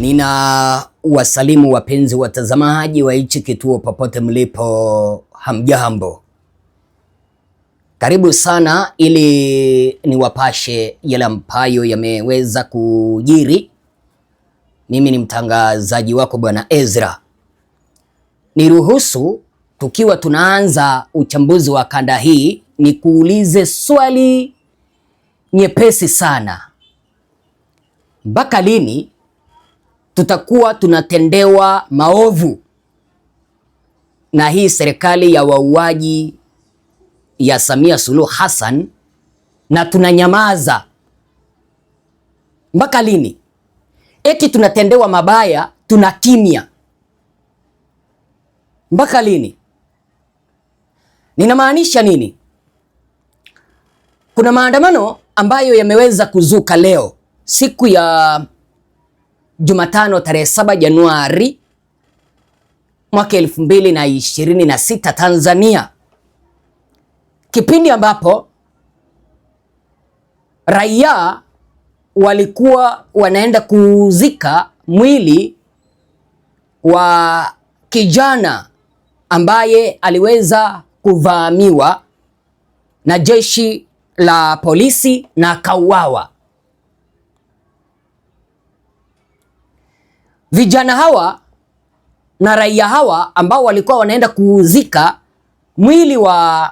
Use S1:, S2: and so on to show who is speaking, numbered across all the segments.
S1: Nina wasalimu wapenzi watazamaji wa hichi kituo popote mlipo, hamjambo, karibu sana ili niwapashe yale ambayo yameweza kujiri. Mimi ni mtangazaji wako bwana Ezra. Niruhusu tukiwa tunaanza uchambuzi wa kanda hii, nikuulize swali nyepesi sana, mpaka lini tutakuwa tunatendewa maovu na hii serikali ya wauaji ya Samia Suluhu Hassan, na tunanyamaza mpaka lini? Eti tunatendewa mabaya tuna kimya mpaka lini? Ninamaanisha nini? Kuna maandamano ambayo yameweza kuzuka leo siku ya Jumatano tarehe 7 Januari mwaka elfu mbili na ishirini na sita Tanzania, kipindi ambapo raia walikuwa wanaenda kuzika mwili wa kijana ambaye aliweza kuvamiwa na jeshi la polisi na kauawa. vijana hawa na raia hawa ambao walikuwa wanaenda kuuzika mwili wa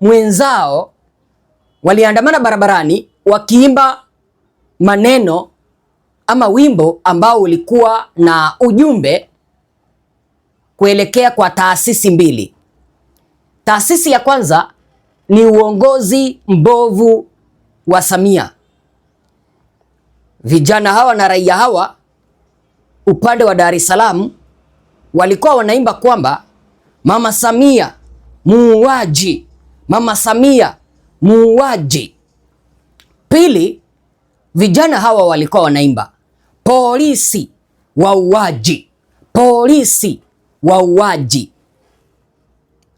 S1: mwenzao waliandamana barabarani wakiimba maneno ama wimbo ambao ulikuwa na ujumbe kuelekea kwa taasisi mbili. Taasisi ya kwanza ni uongozi mbovu wa Samia. Vijana hawa na raia hawa upande wa Dar es Salaam walikuwa wanaimba kwamba Mama Samia muuaji, Mama Samia muuaji. Pili, vijana hawa walikuwa wanaimba polisi wauaji, polisi wauaji.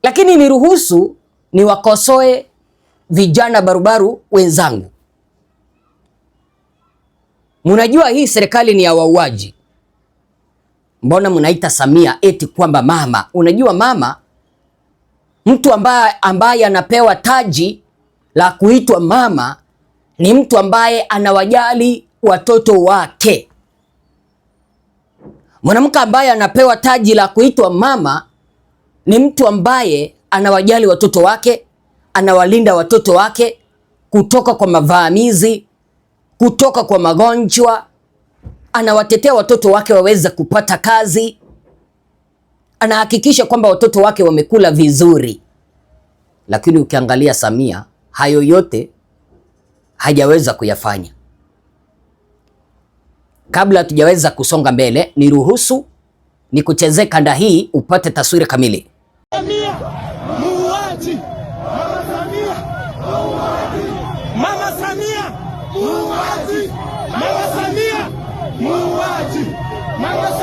S1: Lakini niruhusu niwakosoe vijana barubaru wenzangu, munajua hii serikali ni ya wauaji. Mbona mnaita Samia eti kwamba mama? Unajua mama, mtu ambaye ambaye anapewa taji la kuitwa mama ni mtu ambaye anawajali watoto wake. Mwanamke ambaye anapewa taji la kuitwa mama ni mtu ambaye anawajali watoto wake, anawalinda watoto wake kutoka kwa mavamizi, kutoka kwa magonjwa, anawatetea watoto wake waweza kupata kazi, anahakikisha kwamba watoto wake wamekula vizuri. Lakini ukiangalia Samia, hayo yote hajaweza kuyafanya. Kabla hatujaweza kusonga mbele, niruhusu nikuchezee kanda hii upate taswira kamili
S2: Samia. Manga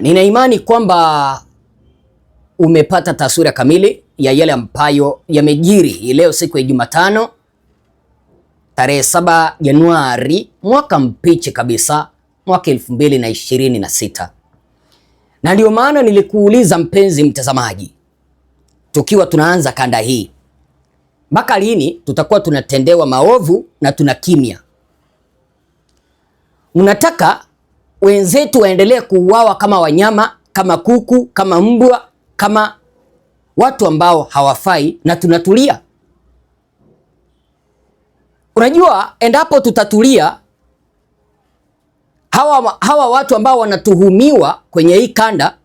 S1: Nina imani kwamba umepata taswira kamili ya yale ambayo yamejiri leo siku ya Jumatano tarehe 7 Januari mwaka mpichi kabisa mwaka 2026. Na ndio maana nilikuuliza mpenzi mtazamaji, tukiwa tunaanza kanda hii, mpaka lini tutakuwa tunatendewa maovu na tuna kimya? Unataka wenzetu waendelee kuuawa kama wanyama, kama kuku, kama mbwa, kama watu ambao hawafai, na tunatulia. Unajua, endapo tutatulia, hawa, hawa watu ambao wanatuhumiwa kwenye hii kanda,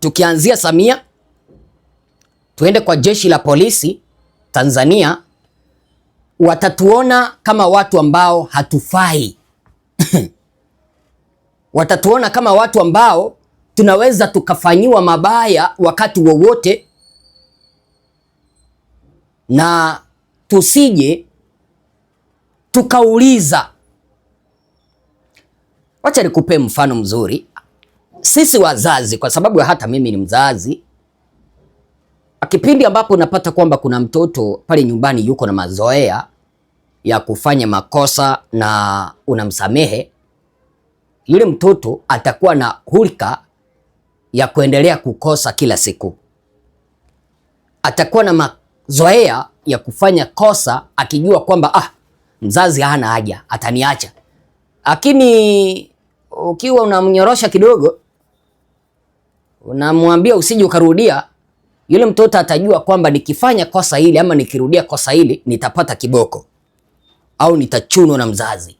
S1: tukianzia Samia tuende kwa jeshi la polisi Tanzania, watatuona kama watu ambao hatufai watatuona kama watu ambao tunaweza tukafanyiwa mabaya wakati wowote, na tusije tukauliza. Wacha nikupe mfano mzuri. Sisi wazazi, kwa sababu ya hata mimi ni mzazi, kipindi ambapo unapata kwamba kuna mtoto pale nyumbani yuko na mazoea ya kufanya makosa na unamsamehe yule mtoto atakuwa na hulka ya kuendelea kukosa kila siku, atakuwa na mazoea ya kufanya kosa akijua kwamba ah, mzazi hana haja, ataniacha. Lakini ukiwa unamnyorosha kidogo, unamwambia usije ukarudia, yule mtoto atajua kwamba nikifanya kosa hili ama nikirudia kosa hili nitapata kiboko au nitachunwa na mzazi.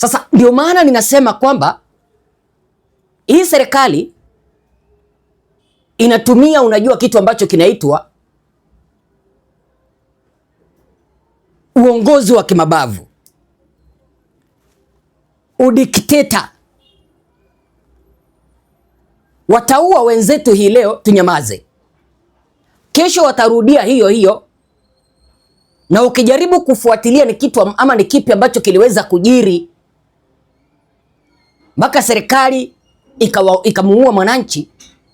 S1: Sasa ndio maana ninasema kwamba hii serikali inatumia, unajua, kitu ambacho kinaitwa uongozi wa kimabavu, udikteta. Wataua wenzetu hii leo, tunyamaze, kesho watarudia hiyo hiyo na ukijaribu kufuatilia ni kitu ama ni kipi ambacho kiliweza kujiri mpaka serikali ikamuua mwananchi,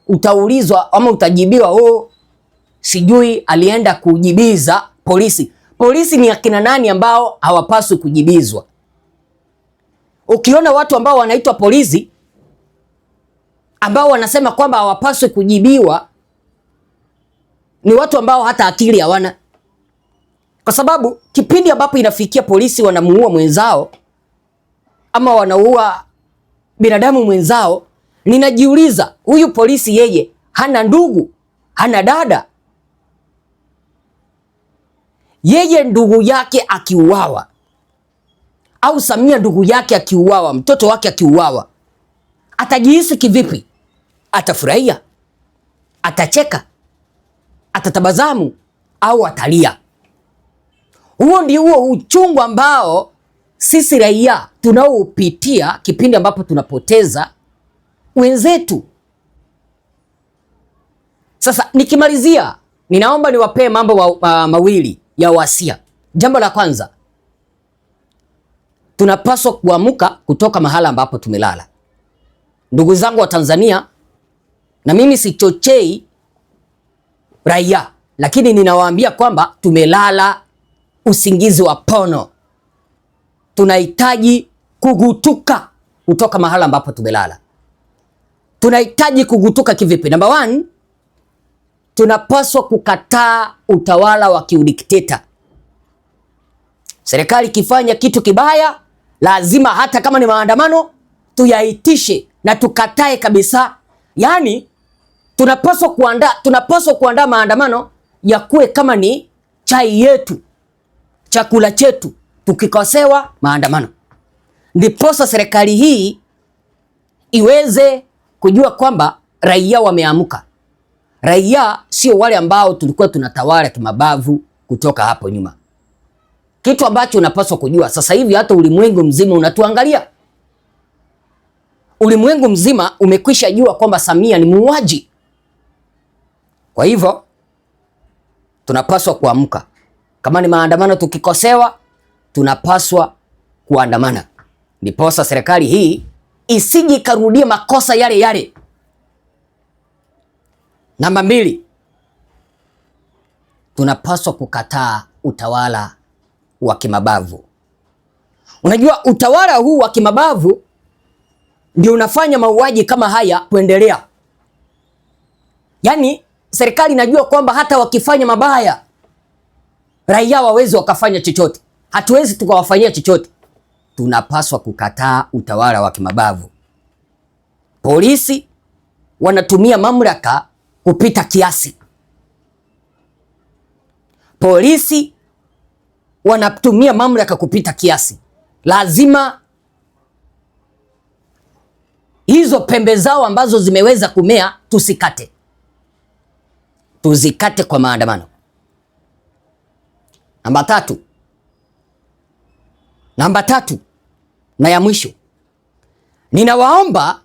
S1: utaulizwa ama utajibiwa, oh, sijui alienda kujibiza polisi. Polisi ni akina nani ambao hawapaswi kujibizwa? Ukiona watu ambao wanaitwa polisi ambao wanasema kwamba hawapaswi kujibiwa ni watu ambao hata akili hawana, kwa sababu kipindi ambapo inafikia polisi wanamuua mwenzao ama wanaua binadamu mwenzao, ninajiuliza huyu polisi yeye hana ndugu, hana dada? Yeye ndugu yake akiuawa, au Samia ndugu yake akiuawa, mtoto wake akiuawa, atajihisi kivipi? Atafurahia? Atacheka? atatabazamu Au atalia? Huo ndio huo uchungu ambao sisi raia tunaopitia kipindi ambapo tunapoteza wenzetu. Sasa nikimalizia, ninaomba niwapee mambo wa, uh, mawili ya wasia. Jambo la kwanza, tunapaswa kuamka kutoka mahala ambapo tumelala. Ndugu zangu wa Tanzania, na mimi sichochei raia, lakini ninawaambia kwamba tumelala usingizi wa pono tunahitaji kugutuka kutoka mahala ambapo tumelala. Tunahitaji kugutuka kivipi? Namba one, tunapaswa kukataa utawala wa kiudikteta. Serikali ikifanya kitu kibaya, lazima hata kama ni maandamano tuyaitishe na tukatae kabisa. Yaani tunapaswa kuandaa tunapaswa kuandaa maandamano ya kuwe kama ni chai yetu, chakula chetu tukikosewa maandamano, ndiposa serikali hii iweze kujua kwamba raia wameamka. Raia sio wale ambao tulikuwa tunatawala kimabavu kutoka hapo nyuma, kitu ambacho unapaswa kujua sasa hivi. Hata ulimwengu mzima unatuangalia, ulimwengu mzima umekwisha jua kwamba Samia ni muuaji. Kwa hivyo tunapaswa kuamka, kama ni maandamano tukikosewa tunapaswa kuandamana, ndiposa serikali hii isije ikarudia makosa yale yale. Namba mbili, tunapaswa kukataa utawala wa kimabavu. Unajua, utawala huu wa kimabavu ndio unafanya mauaji kama haya kuendelea. Yaani serikali inajua kwamba hata wakifanya mabaya raia wawezi wakafanya chochote hatuwezi tukawafanyia chochote. Tunapaswa kukataa utawala wa kimabavu. Polisi wanatumia mamlaka kupita kiasi. Polisi wanatumia mamlaka kupita kiasi. Lazima hizo pembe zao ambazo zimeweza kumea tusikate, tuzikate kwa maandamano. Namba tatu. Namba tatu na ya mwisho, ninawaomba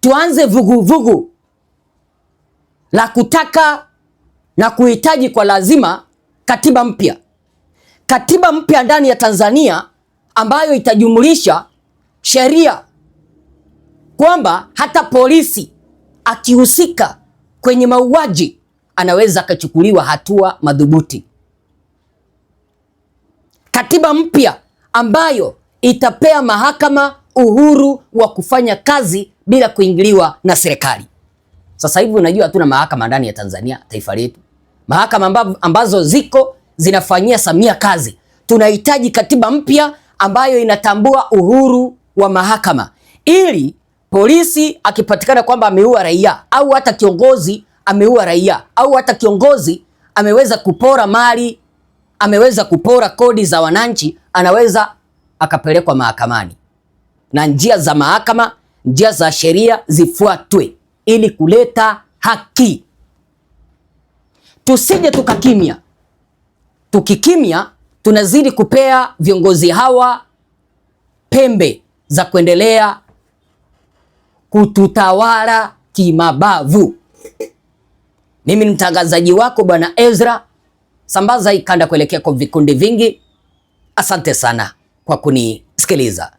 S1: tuanze vuguvugu vugu la kutaka na kuhitaji kwa lazima katiba mpya, katiba mpya ndani ya Tanzania ambayo itajumulisha sheria kwamba hata polisi akihusika kwenye mauaji anaweza akachukuliwa hatua madhubuti katiba mpya ambayo itapea mahakama uhuru wa kufanya kazi bila kuingiliwa na serikali. Sasa hivi unajua hatuna mahakama ndani ya Tanzania, taifa letu, mahakama ambazo ziko zinafanyia Samia kazi. Tunahitaji katiba mpya ambayo inatambua uhuru wa mahakama, ili polisi akipatikana kwamba ameua raia au hata kiongozi ameua raia au hata kiongozi ameweza kupora mali ameweza kupora kodi za wananchi, anaweza akapelekwa mahakamani, na njia za mahakama, njia za sheria zifuatwe ili kuleta haki. Tusije tukakimya. Tukikimya tunazidi kupea viongozi hawa pembe za kuendelea kututawala kimabavu. Mimi ni mtangazaji wako Bwana Ezra sambaza ikanda kuelekea kwa vikundi vingi. Asante sana kwa kunisikiliza.